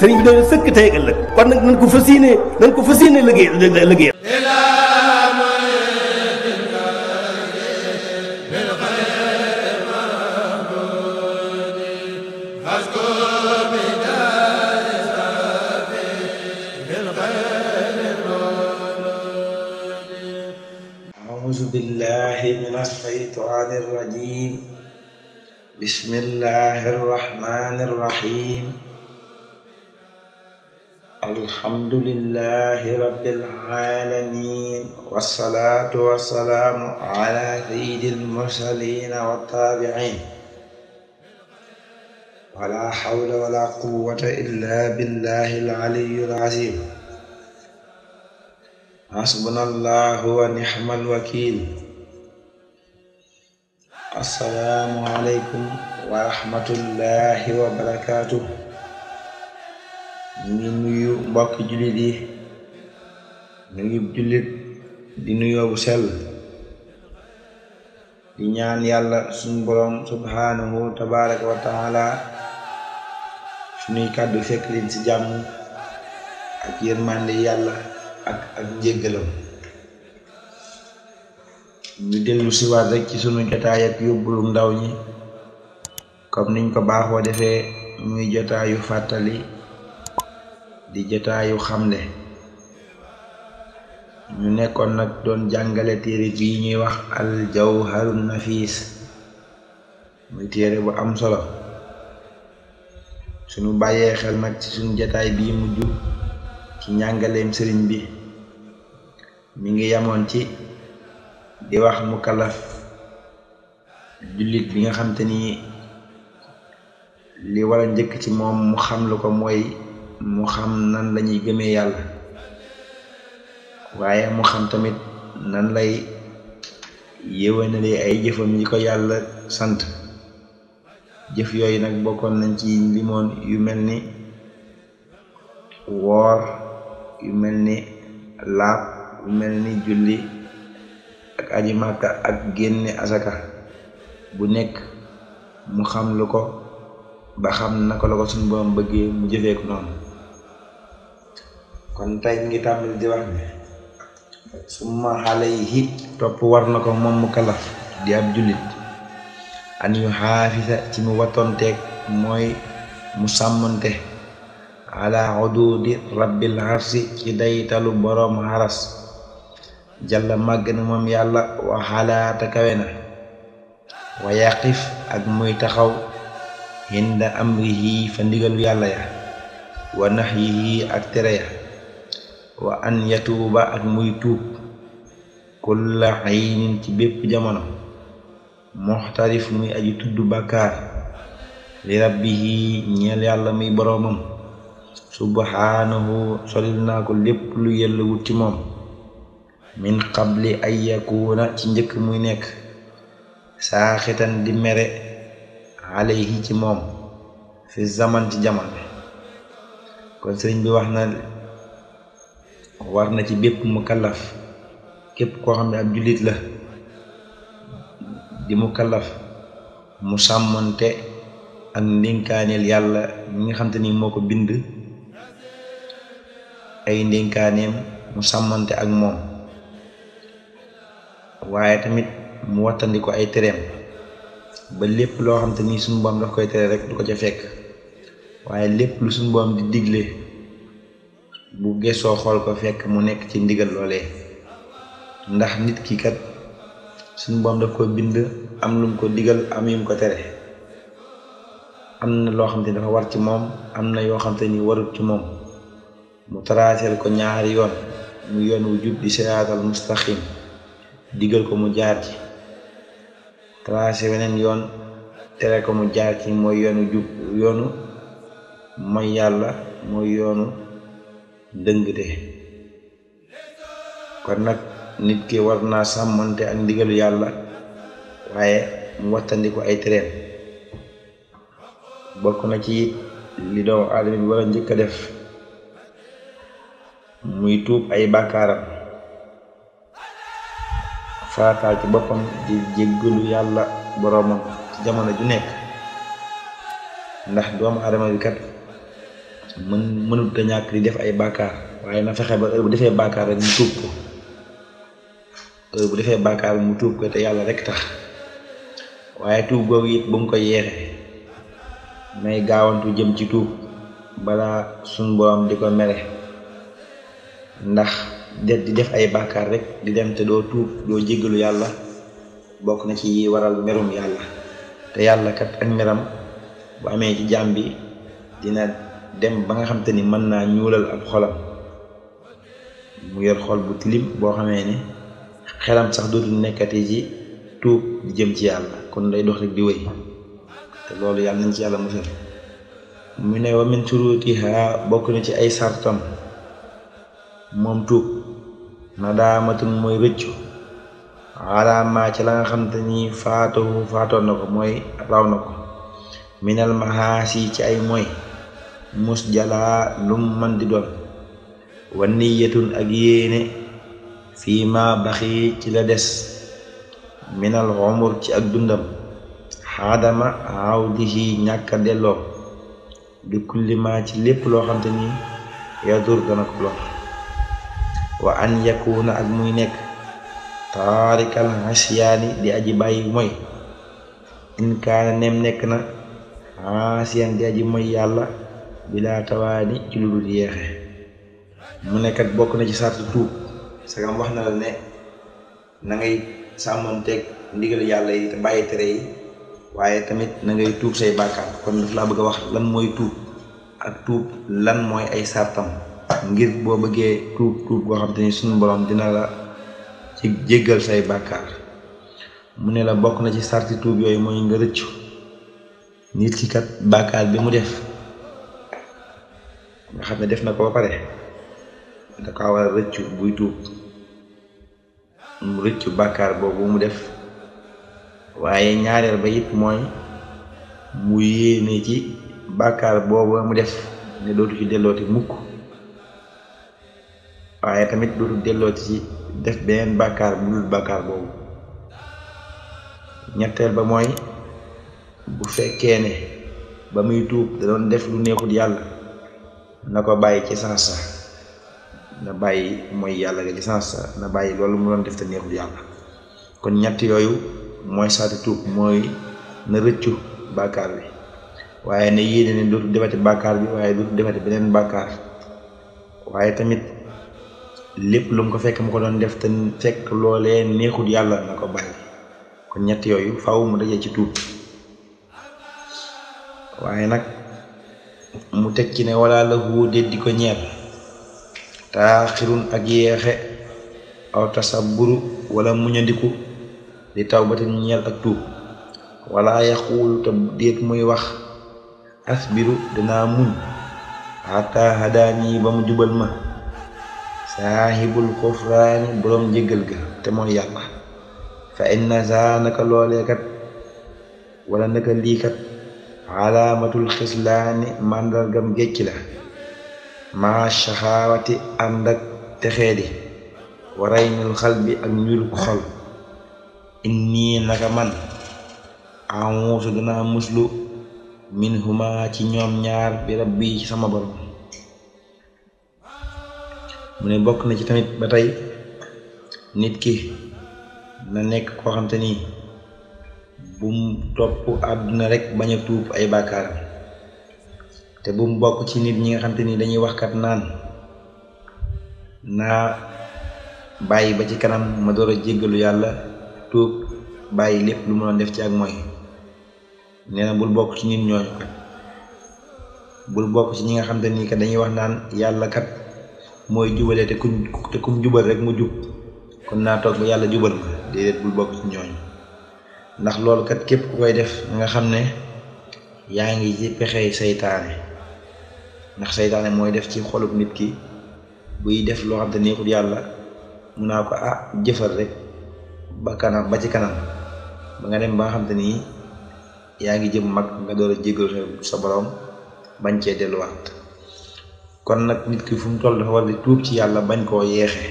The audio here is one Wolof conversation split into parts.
sëriñ bi dañu sëkk tey ëllëg kon nag nañ ko fas yéene nañ ko fas yéene liggéey liggéey الشيطان الرجيم بسم الله الرحمن الرحيم alhamdulillahi rabbil alamin wassalatu wassalamu ala sayyidil mursalin wa tabi'in wala hawla wala quwwata illa billahi al-aliyyil azim hasbunallahu wa ni'mal wakil assalamu alaykum wa rahmatullahi wa barakatuh ñu ngi nuyu mbokki jullit yi ñu ngi jullit di nuyoo bu sel di ñaan yàlla suñu boroom subhanahu tabaraka wa sunuy kàddu fekk leen ci jàmm ak yërmande yàlla ak ak njéggalam ñu dellu siwaat rek ci sunu jotaay ak yóbbulu ndaw ñi comme niñ ko baaxoo defee muy jotaayu fàttali di jotaayu xamle ñu nekkoon nag doon jàngale téere bii ñuy wax al na fiis muy téere bu am solo suñu bàyyee xel nag ci suñu jataay bii mujj ci njàngaleem sëriñ bi mu ngi yamoon ci di wax mu kalaf jullit bi nga xam te ni li war a njëkk ci moom mu xam lu ko mooy mu xam nan lañuy gëmee yàlla waaye mu xam tamit nan lay na yéwénale ay jëfam yi ko yàlla sant jëf yooyu nag bokkoon nañ ci limoon yu mel ni woor yu mel ni laab yu mel ni julli ak aji ak génne asaka bu nekk mu xam lu ko ba xam naka la ko suñu borom bëggee mu jëfee ko noonu kon tey mi ngi tàmbali di wax ne summa alayhi topp war na ko moom mu kalaf di ab jullit an yu xaafisa ci mu wattonteeg mooy mu sàmmante ala xuduudi rabbil arsi ci daytalu boroom xaras jàlla màgg na moom yàlla wa xalaata kawe wa yaqif ak muy taxaw hinda amrihi fa ndigalu yàlla ya wa nax yi ak tere ya wa an yatuuba ak muy tuub kulla aynin ci bépp jamono muxtarif muy aji tudd bàkkaar li rabbihi ñeel yàlla muy boroomam subhaanahu solil naa ko lépp lu yellawut ci moom min qabli ay yakuuna ci njëkk muy nekk saaxitan di mere alayhi ci moom fi zaman ci jamono kon sëriñ bi wax na war na ci bépp mu kallaf képp koo xam ne ak jullit la di mu kallaf mu sàmmante ak ndénkaaneel yàlla ñi nga xam te ni moo ko bind ay ndénkaaneem mu sàmmante ak moom waaye tamit mu wattandi ko ay tereem ba lépp loo xam te ni suñu boom daf koy tere rek du ko ca fekk waaye lépp lu suñu boom di digle bu gesoo xool ko fekk mu nekk ci ndigal loole ndax nit kii kat suñ boom daf ko bind am lum ko digal am yum ko tere am na loo xam te dafa war ci moom am na yoo xam te ni warut ci moom mu tracel ko ñaari yoon mu yoon wu jub di siraatal mustaqim digal ko mu jaar ci tracé weneen yoon tere ko mu jaar ci mooy yoonu jub yoonu mooy yàlla mooy yoonu dëngte kon nag nit ki war naa sàmmante ak ndigalu yàlla waaye mu wattandi ay tereem bokk na ci li doomu bi war a njëkk a def muy tuub ay bàkkaaram farataal ci boppam di jéggalu yàlla boroomam ci jamono ju nekk ndax doomu aadama bi kat mën mënut a ñàkk di def ay bàkkaar waaye na fexe ba bu defee bàkkaar rek mu tuub ko defee bàkkaar mu tuub ko te yàlla rek tax waaye tuub googu it bu mu ko yeexe may gaawantu jëm ci tuub balaa suñ borom di ko mere ndax di def ay bàkkaar rek di dem te doo tuub doo jéggalu yàlla bokk na ci waral merum yàlla te yàlla kat ak meram bu amee ci jaam dina dem ba nga xam te ni mën naa ñuulal ab xolam mu yor xol bu tilim boo xamee ne xelam sax dootul nekkati ci tuub jëm ci yàlla kon day dox rek di wéy te loolu yàlla nañ ci yàlla musal mu ne wa min surutiha bokk na ci ay sartam moom tuub nadaamatun mooy rëccu alaamaa ci la nga xam te ni faatahu faatoon na ko mooy raw na ko minal mahaasi ci ay moy mus jalaa lum man di doon wan niyatun ak yéene fii ma baxi ci la des minal umur ci ak dundam xaadama xaaw di hi ñàkka delloo bi kulli ma ci lépp loo xam te ni yadur dana wa an yakuuna ak muy nekk taarikal xasiyaani di aji bàyyi mooy in nekk na xasiyaan di aji mooy yàlla bilaa tawaani ci lu dul yeexe mu nekkat bokk na ci sartu tuub sagam wax na la ne na ngay sàmmonteeg ndigal yàlla yi te bàyyi tere yi waaye tamit na ngay tuub say bàkkaar kon daf laa bëgg a wax lan mooy tuub ak tuub lan mooy ay sartam ngir boo bëggee tuub tuub boo xam te ni suñu borom dina la ci jéggal say bàkkaar mu ne la bokk na ci sarti tuub yooyu mooy nga rëccu nit ki kat bàkkaar bi mu def nga xam ne def na ko pare da war a rëccu buy tuub mu rëccu bàkkaar boobu mu def waaye ñaareel ba it mooy mu yéene ci bàkkaar boobu mu def ne dootu ci dellooti mukk waaye tamit dootu dellooti ci def beneen bàkkaar bu dul bàkkaar boobu ñetteel ba mooy bu fekkee ne ba muy tuub da def lu neexut yàlla na ko bàyyi ci sansa na bàyyi mooy yàlla ga ci sansa na bàyyi loolu mu doon def te neexul yàlla kon ñett yooyu mooy saati tuub mooy na rëccu bàkkaar bi waaye ne yéene ne dootu defati bàkkaar bi waaye dootu defati beneen bàkkaar waaye tamit lépp lu mu ko fekk mu ko doon def te fekk loolee neexut yàlla na ko bàyyi kon ñett yooyu faw mu dajee ci tuub waaye nag mu teg ci ne wala la hu déddi ko ñeel taaxirun ak yeexe aw tasabburu wala muñandiku li tawbatin ñeel ak tuub wala yaquulu te déet muy wax asbiru danaa muñ xata hadaani ba mu jubal ma saahibul xufraani boroom jéggal ga te mooy yàlla fa inna saa naka looleekat wala naka liikat alaamatul xislaani màndargam gécc la maa shaxaawati ànd ak texeedi waray nul xal bi ak ñuul ko xol innii naka man amuusu danaa muslu min huma ci ñoom ñaar bi rabbi ci sama borom mu ne bokk na ci tamit ba tey nit ki na nekk koo xam nii bum topp àdduna rekk bañ a tuub ay bàkkaar te bum bokk ci nit ñi nga xam te ni dañuy kat naan naa bàyyi ba ci kanam ma door a jéggalu yàlla tuub bàyyi lépp lu mu doon def ci ak mooy nee bul bokk ci nit bul bokk ci ñi nga xam te ni kat dañuy wax naan yàlla kat mooy jubale te ku te kum jubal rek mu jub kon naa toog ba yàlla jubal ma déedéet bul bokk ci ñooñu ndax loolu kat képp ku koy def nga xam ne yaa ngi ci pexey seytaane ndax seytaane mooy def ci xolub nit ki buy def loo xam te yàlla mun naa ko ah jëfal rek ba kanam ba ci kanam ba nga dem ba nga nii yaa ngi jëm mag nga door a jégal sa borom bañ cee delluwaat kon nag nit ki fu mu toll dafa war di tuub ci yàlla bañ koo yeexe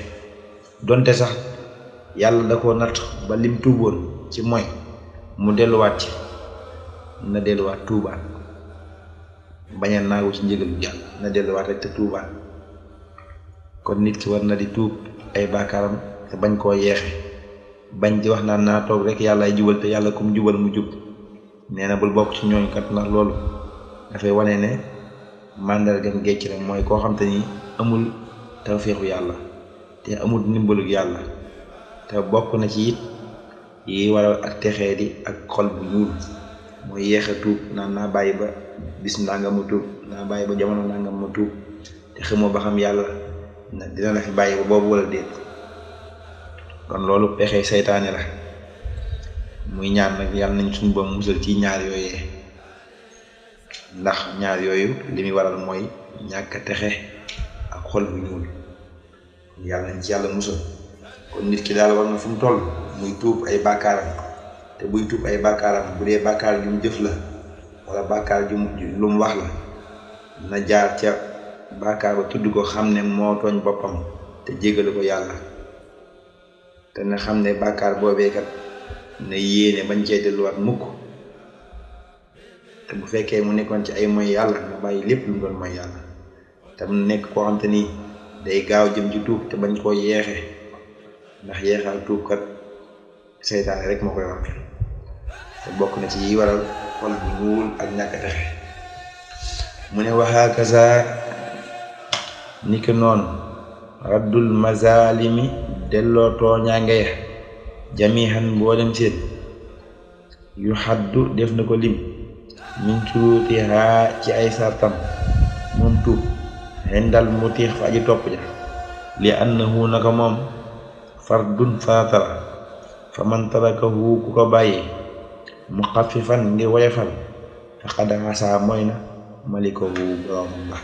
donte sax yàlla da koo natt ba lim tuuboon ci mooy mu delluwaat ci na delluwaat tuubaat bañ a naagu ci njëgalu yàlla na delluwaat rek te tuubaat kon nit ki war na di tuub ay baakaaram te bañ koo yeexe bañ di wax naan naa toog rek yàlla ay jubal te yàlla kum jubal mu jub nee na bokk ci ñooñu kat loolu dafay wane ne màndargam géej rek mooy koo xam te ni amul tawféexu yàlla te amul ndimbalug yàlla te bokk na ci it yi waral ak texee di ak xol bu ñuul mooy yéex tuub naan naa bàyyi ba bis nangam mu tuub naa bàyyi ba jamono nangam mu tuub te xamoo ba xam yàlla dina la fi bàyyi ba boobu wala déet kon loolu pexe seytaane la muy ñaan nag yàlla nañ suñ boom musal ci ñaar yooyee ndax ñaar yooyu li muy waral mooy ñàkk a texe ak xol bu ñuul yàlla nañ ci yàlla musal kon nit ki daal war na fu toll muy tuub ay bàkkaaram te buy tuub ay bàkkaaram bu dee bàkkaar ju mu jëf la walla bàkkaar ju lu mu wax la na jaar ca bàkkaar ba tudd ko xam ne moo tooñ boppam te jégalu ko yàlla te na xam ne bàkkaar boobeekat na yéene bañ cee delluwaat mukk te bu fekkee mu nekkoon ci ay mooy yàlla na bàyyi lépp lum doon mooy yàlla te mu nekk koo xam te ni day gaaw jëm ci tuub te bañ koo yeexe ndax yeexal tuubkat seytaane rek moo koy war te bokk na ci yi waral xol bu ñuul ak ñàkk a mu ne waxaa kaza niki noonu raddul mazalimi delloo tooñaange ya jamihan mboolem seen yu xaddu def na ko lim min cuutiha ci ay sartam moom tuub xendal mu tiix fa aji topp ja li annahu naka moom fardun faratala fa man tarakahu ku ko bàyyi mu xafifan ngir woyofal faqad asa mooy na malikahu boroomam ba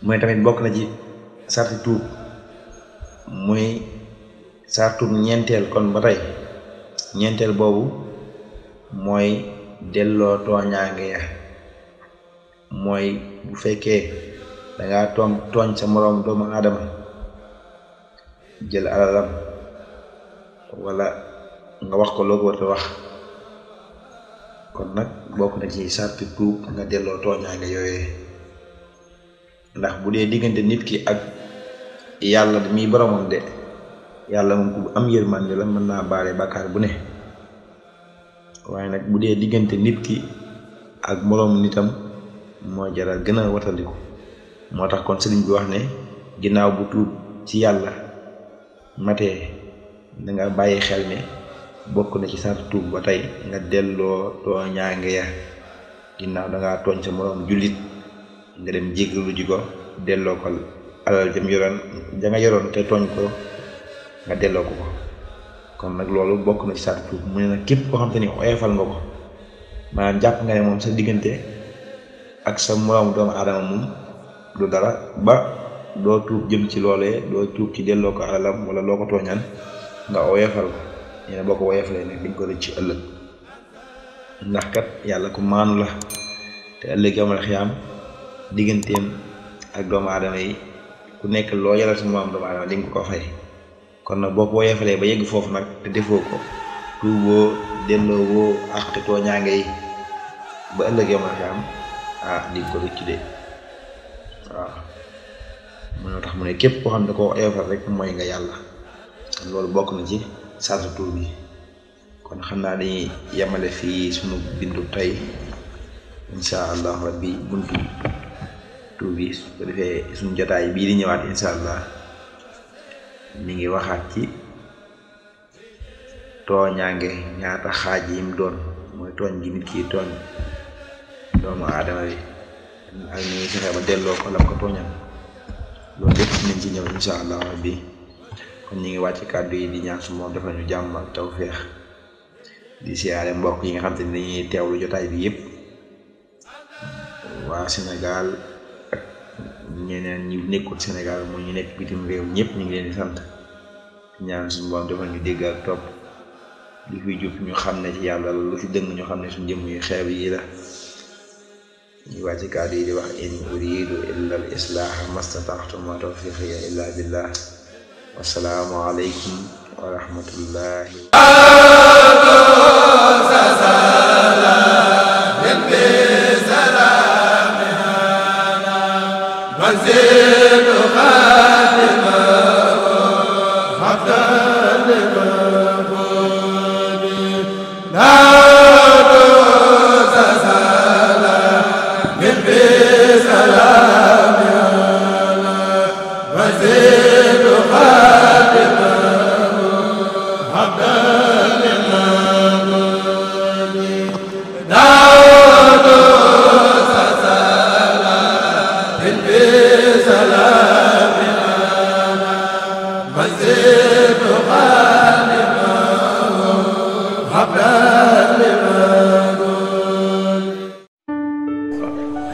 mooy tamit bokk na ji sarti tuub muy sartub ñeenteel kon ba tey ñeenteel boobu mooy delloo tooñaange ya mooy bu fekkee dangaa tooñ sa moroom doomu aadama jël alalam wala nga wax ko loo ko wax kon nag bokk na ci sarti tuub nga delloo tooñaange yooyee ndax bu dee diggante nit ki ak yàlla mi boromam de yàlla moom ku am yërmande la mën naa baale bàkkaar bu ne waaye nag bu dee diggante nit ki ak moroom nitam moo jaral gën a wataliku moo tax kon sëriñ bi wax ne ginnaaw bu tuub ci yàlla matee na nga bàyyi xel ne bokk na ci sart tuub ba tey nga delloo tooñaange ya ginnaaw da ngaa tooñ sa moroom jullit nga dem jéggalu ji ko delloo ko alal jëm yoroon nga yoroon te tooñ delloo ko ko kon nag loolu bokk na ci sart tuub mu ne nag koo xam te ni oyofal nga ko maanaam jàpp nga moom sa diggante ak sa moroomu doomu aadama moom du dara ba doo tuub jëm ci loolee doo tuub ci delloo ko alalam wala loo ko tooñaan nga woyofal ko nee boo ko woyofalee nag di nga ko rëcc ci ëllëg ndax kat yàlla ku maanu la te ëllëg amal xiyaam doomu aadama yi ku nekk loo yàlla suñu maam doomu aadama di ko fay kon nag boo ba yegg foofu nag defoo ko tuuboo delloo ah, ko rëcc de tax mu ne képp koo xam ne koo woyofal mooy nga yàlla. loolu bokk na ci sartu tur bi kon xam naa dañuy yemale fii sunu bindu tey incha allah rabbi buntu tur bi su defee sunu jotaay bii di ñëwaat incha allah mi ngi waxaat ci tooñaange ñaata xaaj yim doon mooy tooñ gi nit kii tooñ doomu aadama bi ak ni ñuy fexe ba delloo ko lam ko tooñal loolu lépp nañ ci ñëw incha allah rabbi kon ñu ngi wàcc kàddu yi di ñaan su moom defal ñu jàmm ak tawféex di siyaare mbokk yi nga xam te ne dañuy jotaay bi yëpp waa Sénégal ak ñeneen ñi nekkul senegal mooy ñu nekk bitim réew ñëpp ñu ngi leen di sant ñaan suñu borom defal ñu dégg ak topp lu fi jub ñu xam ne ci yàlla lu fi dëng ñu xam ne suñu jëmm yu xeeb yii la ñu wàcc kàddu yi di wax in uridu illa al islaaha mastata'tu ma tawfiqiya illa billah wasalaamu aleykum wa rahmatullahi